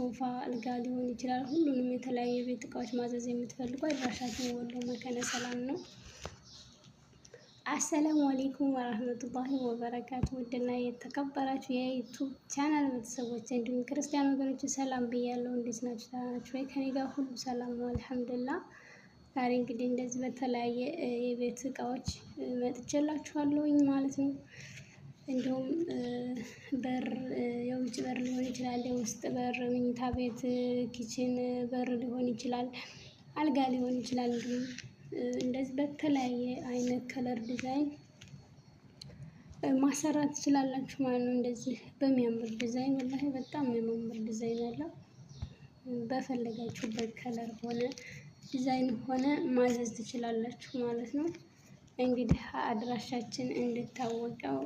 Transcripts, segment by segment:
ሶፋ፣ አልጋ ሊሆን ይችላል። ሁሉንም የተለያዩ የቤት እቃዎች ማዘዝ የምትፈልጉ አድራሻችን ወሎ መካነ ሰላም ነው። አሰላሙ አሌይኩም ወራህመቱላሂ ወበረካቱ። ውድና የተከበራችሁ የዩቱብ ቻናል ቤተሰቦች እንዲሁም ክርስቲያን ወገኖች ሰላም ብያለሁ። እንዴት ናችሁ? ደህና ናችሁ ወይ? ከኔ ጋር ሁሉ ሰላም ነው አልሐምዱሊላህ። ዛሬ እንግዲህ እንደዚህ በተለያየ የቤት እቃዎች መጥቼላችኋለሁኝ ማለት ነው። እንዲሁም በር የውጭ በር ሊሆን ይችላል፣ የውስጥ በር፣ መኝታ ቤት፣ ኪችን በር ሊሆን ይችላል፣ አልጋ ሊሆን ይችላል። እንዲሁም እንደዚህ በተለያየ አይነት ከለር ዲዛይን ማሰራት ትችላላችሁ ማለት ነው። እንደዚህ በሚያምር ዲዛይን ወላ በጣም የሚያምር ዲዛይን ያለው በፈለጋችሁበት ከለር ሆነ ዲዛይን ሆነ ማዘዝ ትችላላችሁ ማለት ነው። እንግዲህ አድራሻችን እንድታወቀው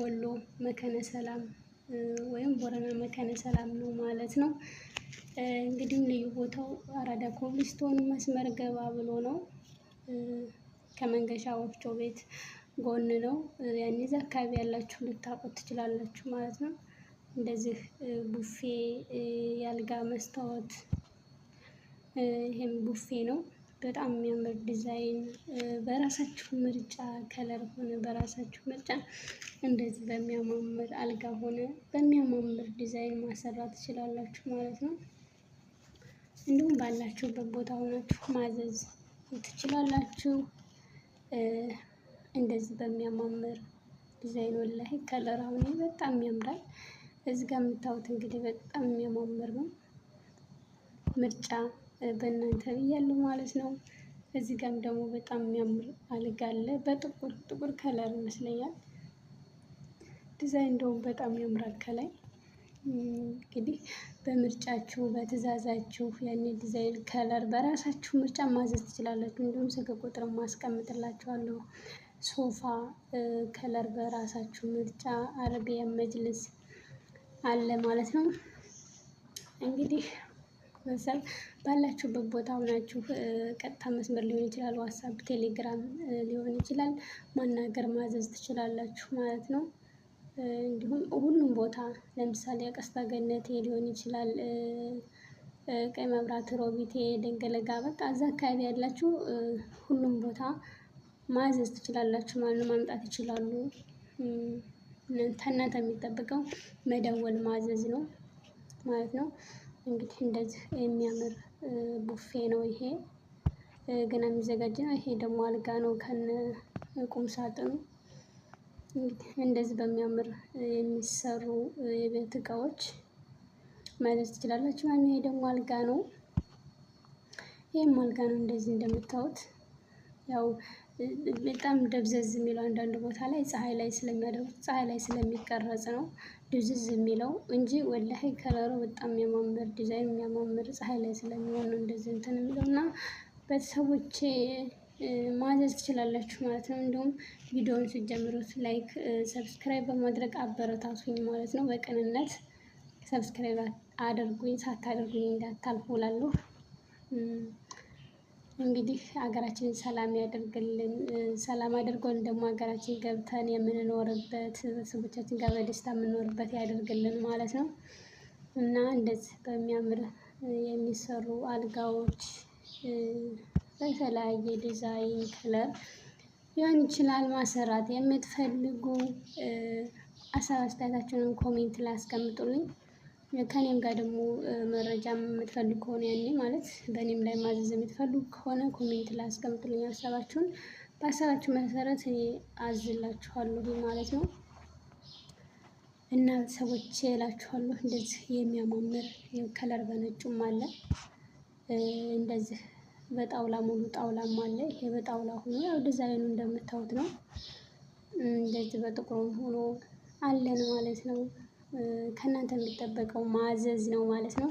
ወሎ መከነ ሰላም ወይም ቦረና መከነ ሰላም ነው ማለት ነው። እንግዲህም ልዩ ቦታው አራዳ ኮብልስቶን መስመር ገባ ብሎ ነው። ከመንገሻ ወፍጮ ቤት ጎን ነው። ያኔ ዚ አካባቢ ያላችሁ ልታውቁት ትችላላችሁ ማለት ነው። እንደዚህ ቡፌ፣ ያልጋ መስታወት፣ ይህም ቡፌ ነው። በጣም የሚያምር ዲዛይን በራሳችሁ ምርጫ ከለር ሆነ በራሳችሁ ምርጫ እንደዚህ በሚያማምር አልጋ ሆነ በሚያማምር ዲዛይን ማሰራት ትችላላችሁ ማለት ነው። እንዲሁም ባላችሁበት ቦታ ሆናችሁ ማዘዝ ትችላላችሁ። እንደዚህ በሚያማምር ዲዛይን ወላሂ ከለር አሁን በጣም ያምራል። እዚህ ጋር የምታዩት እንግዲህ በጣም የሚያማምር ነው ምርጫ በእናንተ ብያለሁ ማለት ነው። እዚህ ጋም ደግሞ በጣም የሚያምር አልጋ አለ። በጥቁር ጥቁር ከለር ይመስለኛል ዲዛይን እንደውም በጣም ያምራል። ከላይ እንግዲህ በምርጫችሁ በትዕዛዛችሁ ያን ዲዛይን ከለር በራሳችሁ ምርጫ ማዘዝ ትችላላችሁ። እንዲሁም ስልክ ቁጥር ማስቀምጥላችኋለሁ። ሶፋ ከለር በራሳችሁ ምርጫ አረቢያን መጅልስ አለ ማለት ነው እንግዲህ ማህበረሰብ ባላችሁበት ቦታ ሆናችሁ ቀጥታ መስመር ሊሆን ይችላል፣ ዋትሳፕ፣ ቴሌግራም ሊሆን ይችላል፣ ማናገር ማዘዝ ትችላላችሁ ማለት ነው። እንዲሁም ሁሉም ቦታ ለምሳሌ አቀስታ ገነቴ ሊሆን ይችላል፣ ቀይ መብራት፣ ሮቢቴ፣ ደንገለጋ በቃ እዛ አካባቢ ያላችሁ ሁሉም ቦታ ማዘዝ ትችላላችሁ ማለት ነው። ማምጣት ይችላሉ። ከእናንተ የሚጠበቀው መደወል ማዘዝ ነው ማለት ነው። እንግዲህ እንደዚህ የሚያምር ቡፌ ነው ይሄ ገና የሚዘጋጅ ነው። ይሄ ደግሞ አልጋ ነው ከነ ቁም ሳጥኑ። እንደዚህ በሚያምር የሚሰሩ የቤት እቃዎች ማዘዝ ትችላላችሁ ማለት ነው። ይሄ ደግሞ አልጋ ነው። ይህም አልጋ ነው እንደዚህ እንደምታዩት ያው በጣም ደብዘዝ የሚለው አንዳንድ ቦታ ላይ ፀሐይ ላይ ስለሚያደርጉት ፀሐይ ላይ ስለሚቀረጽ ነው ድብዝዝ የሚለው እንጂ ወላሂ ከለሩ በጣም የሚያማምር ዲዛይን የሚያማምር ፀሐይ ላይ ስለሚሆን ነው እንደዚህ እንትን የሚለው እና ቤተሰቦቼ ማዘዝ ትችላላችሁ ማለት ነው። እንዲሁም ቪዲዮውን ስትጀምሩት ላይክ፣ ሰብስክራይብ በማድረግ አበረታቱኝ ማለት ነው። በቅንነት ሰብስክራይብ አድርጉኝ፣ ሳታደርጉኝ እንዳታልፉ እላለሁ። እንግዲህ ሀገራችንን ሰላም ያደርግልን። ሰላም አድርጎን ደግሞ ሀገራችን ገብተን የምንኖርበት ቤተሰቦቻችን ጋር በደስታ የምንኖርበት ያደርግልን ማለት ነው እና እንደዚህ በሚያምር የሚሰሩ አልጋዎች በተለያየ ዲዛይን ከለር ሊሆን ይችላል ማሰራት የምትፈልጉ አሳብ አስተያየታችሁንም ኮሜንት ላይ አስቀምጡልኝ። ከኔም ጋር ደግሞ መረጃ የምትፈልጉ ከሆነ ያኔ ማለት በእኔም ላይ ማዘዝ የምትፈልጉ ከሆነ ኮሜንት ላይ አስቀምጡልኝ ሀሳባችሁን። በሀሳባችሁ መሰረት እኔ አዝላችኋለሁ ማለት ነው እና ሰዎች እላችኋለሁ። እንደዚህ የሚያማምር ከለር በነጩም አለ፣ እንደዚህ በጣውላ ሙሉ ጣውላም አለ። ይሄ በጣውላ ሆኖ ያው ዲዛይኑ እንደምታዩት ነው። እንደዚህ በጥቁሩም ሆኖ አለን ማለት ነው። ከእናንተ የሚጠበቀው ማዘዝ ነው ማለት ነው።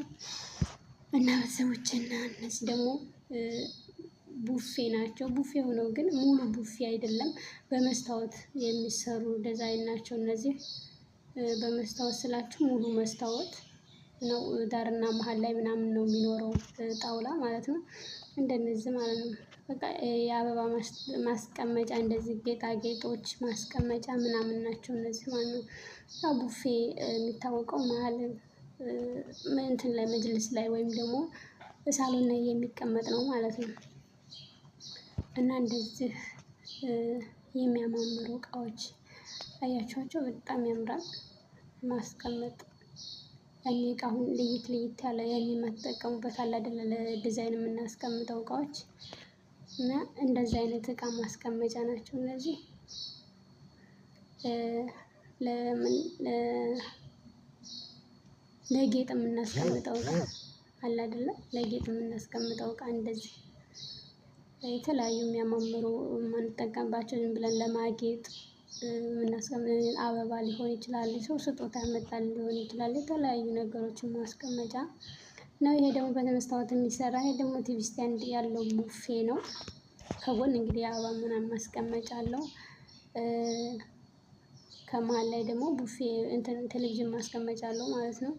እና ቤተሰቦችና እነዚህ ደግሞ ቡፌ ናቸው። ቡፌ ሆነው ግን ሙሉ ቡፌ አይደለም፣ በመስታወት የሚሰሩ ዲዛይን ናቸው። እነዚህ በመስታወት ስላቸው ሙሉ መስታወት ነው። ዳርና መሀል ላይ ምናምን ነው የሚኖረው ጣውላ ማለት ነው። እንደነዚህ ማለት ነው። የአበባ ማስቀመጫ እንደዚህ ጌጣጌጦች ማስቀመጫ ምናምን ናቸው እነዚህ ማለት ያው ቡፌ የሚታወቀው መሀል እንትን ላይ መጅልስ ላይ ወይም ደግሞ ሳሎን ላይ የሚቀመጥ ነው ማለት ነው። እና እንደዚህ የሚያማምሩ እቃዎች አያችኋቸው፣ በጣም ያምራል ማስቀመጥ እኔ እቃ አሁን ለየት ለየት ያለ ያኔ የማትጠቀሙበት አለ አይደለ? ለዲዛይን የምናስቀምጠው እቃዎች እና እንደዚህ አይነት እቃ ማስቀመጫ ናቸው እነዚህ ለጌጥ የምናስቀምጠው እቃ አለ አይደለ? ለጌጥ የምናስቀምጠው እቃ እንደዚህ የተለያዩ የሚያማምሩ የማንጠቀምባቸው ዝም ብለን ለማጌጥ አበባ ሊሆን ይችላል፣ ሰው ስጦታ ያመጣል ሊሆን ይችላል። የተለያዩ ነገሮችን ማስቀመጫ ነው። ይሄ ደግሞ በመስታወት የሚሰራ ይሄ ደግሞ ቲቪ ስታንድ ያለው ቡፌ ነው። ከጎን እንግዲህ አበባ ምናምን ማስቀመጫ አለው። ከመሀል ላይ ደግሞ ቡፌ ቴሌቪዥን ማስቀመጫ አለው ማለት ነው።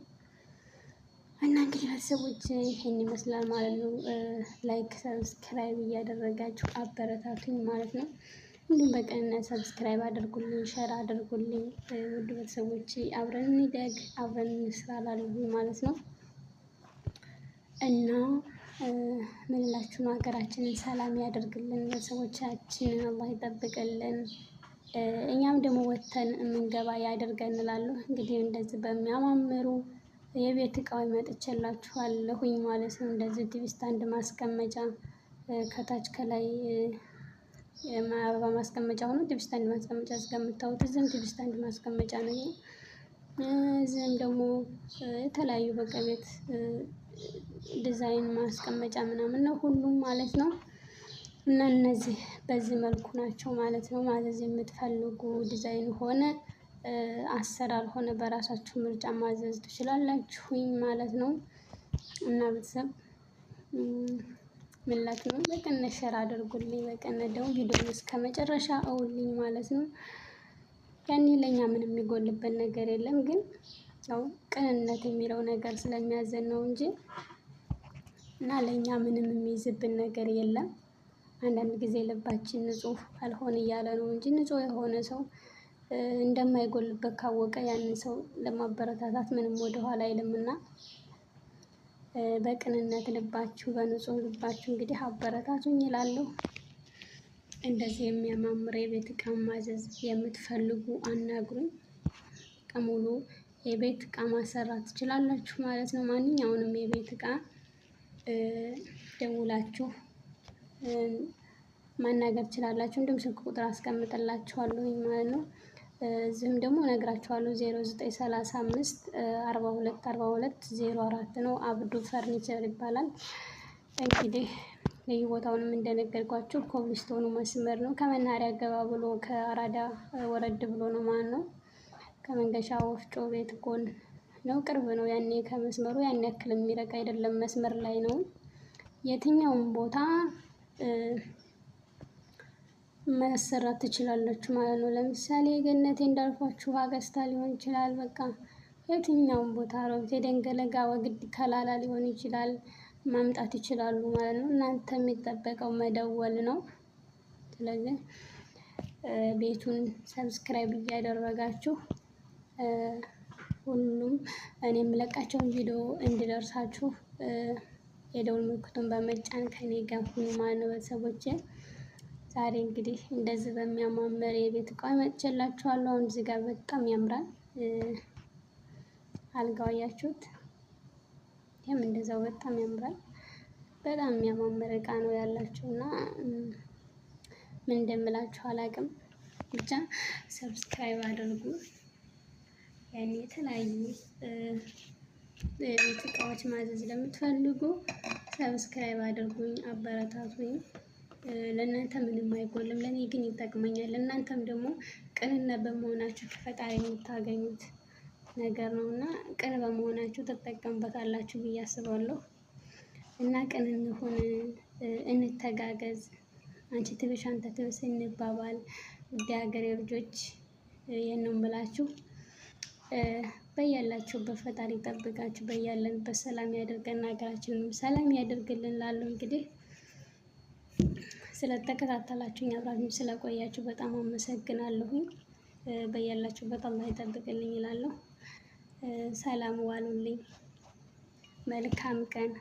እና እንግዲህ ቤተሰቦች ይህን ይመስላል ማለት ነው። ላይክ ሰብስክራይብ እያደረጋችሁ አበረታቱኝ ማለት ነው። እንዲሁም በቅንነት ሰብስክራይብ አድርጉልኝ፣ ሸር አድርጉልኝ። ውድ ቤተሰቦች አብረን እንደግ አብረን እንስራ ላሉ ማለት ነው። እና ምንላችሁ ነው ሀገራችንን ሰላም ያደርግልን፣ ቤተሰቦቻችንን አላህ ይጠብቅልን፣ እኛም ደግሞ ወተን የምንገባ ያደርገን እላለሁ። እንግዲህ እንደዚህ በሚያማምሩ የቤት እቃዎች መጥቼላችኋለሁኝ ማለት ነው። እንደዚህ ቲቪ ስታንድ ማስቀመጫ ከታች ከላይ አበባ ማስቀመጫ ሆኖ ቲቪ ስታንድ ማስቀመጫ እስከምታዩት እዚህም ቲቪ ስታንድ ማስቀመጫ ነው። እዚህም ደግሞ የተለያዩ በቃ ቤት ዲዛይን ማስቀመጫ ምናምን ነው ሁሉም ማለት ነው። እና እነዚህ በዚህ መልኩ ናቸው ማለት ነው። ማዘዝ የምትፈልጉ ዲዛይን ሆነ አሰራር ሆነ በራሳችሁ ምርጫ ማዘዝ ትችላላችሁኝ ማለት ነው። እና ቤተሰብ ምላት ነው በቀነ ሸር አድርጉልኝ፣ በቀነ ደግሞ ቪዲዮን እስከ መጨረሻ እውልኝ ማለት ነው። ያኔ ለእኛ ምንም የሚጎልበት ነገር የለም ግን ያው ቅንነት የሚለው ነገር ስለሚያዘን ነው እንጂ እና ለእኛ ምንም የሚይዝብን ነገር የለም። አንዳንድ ጊዜ ልባችን ንጹህ አልሆን እያለ ነው እንጂ ንጹህ የሆነ ሰው እንደማይጎልበት ካወቀ ያንን ሰው ለማበረታታት ምንም ወደኋላ እና በቅንነት ልባችሁ በንጹህ ልባችሁ እንግዲህ አበረታቱኝ ይላለሁ። እንደዚህ የሚያማምር የቤት እቃ ማዘዝ የምትፈልጉ አናግሩኝ። ቀሙሉ የቤት እቃ ማሰራት ትችላላችሁ ማለት ነው። ማንኛውንም የቤት እቃ ደውላችሁ ማናገር ትችላላችሁ። እንዲሁም ስልክ ቁጥር አስቀምጥላችኋለሁ ማለት ነው። እዚህም ደግሞ ነግራችኋለሁ። 0935 ዘጠኝ ሰላሳ አምስት ነው። አብዱ ፈርኒቸር ይባላል። እንግዲህ ልዩ ቦታውንም እንደነገርኳችሁ ኮብልስቶኑ መስመር ነው። ከመናኸሪያ ገባ ብሎ ከአራዳ ወረድ ብሎ ነው ማለት ነው። ከመንገሻ ወፍጮ ቤት ጎን ነው። ቅርብ ነው። ያኔ ከመስመሩ ያን ያክል የሚረቅ አይደለም። መስመር ላይ ነው። የትኛውም ቦታ መሰራት ትችላለች ማለት ነው። ለምሳሌ ገነቴ እንዳልኳችሁ አገስታ ሊሆን ይችላል። በቃ የትኛውም ቦታ ሮም የደንገለጋ ወግድ፣ ከላላ ሊሆን ይችላል። ማምጣት ይችላሉ ማለት ነው። እናንተ የሚጠበቀው መደወል ነው። ስለዚህ ቤቱን ሰብስክራይብ እያደረጋችሁ ሁሉም እኔ የምለቃቸውን ቪዲዮ እንዲደርሳችሁ የደውል ምልክቱን በመጫን ከኔ ጋር ሁኑ ማለት ነው ቤተሰቦቼ። ዛሬ እንግዲህ እንደዚህ በሚያማምር የቤት እቃ መጥቼላችኋለሁ። አሁን እዚህ ጋር በጣም ያምራል አልጋው አያችሁት? ይህም እንደዛው በጣም ያምራል። በጣም የሚያማምር እቃ ነው ያላችሁ እና ምን እንደምላችሁ አላቅም። ብቻ ሰብስክራይብ አድርጉ። ያኔ የተለያዩ የቤት እቃዎች ማዘዝ ለምትፈልጉ ሰብስክራይብ አድርጉኝ፣ አበረታቱኝ። ለእናንተ ምንም አይጎልም፣ ለእኔ ግን ይጠቅመኛል። ለእናንተም ደግሞ ቅንነት በመሆናችሁ ከፈጣሪ የምታገኙት ነገር ነው እና ቅን በመሆናችሁ ትጠቀሙበታላችሁ ብዬ አስባለሁ። እና ቅን እንሆን፣ እንተጋገዝ፣ አንቺ ትብሽ አንተ ትብስ እንባባል። ውድ ሀገሬ ልጆች ይህን ነው የምላችሁ። በያላችሁ በፈጣሪ ጠብቃችሁ በያለንበት በሰላም ያደርገን፣ ሀገራችንም ሰላም ያደርግልን። ላለው እንግዲህ ስለተከታተላችሁኝ አብራችሁ ስለቆያችሁ በጣም አመሰግናለሁኝ። በያላችሁበት ላይ ይጠብቅልኝ እላለሁ። ሰላም ዋሉልኝ። መልካም ቀን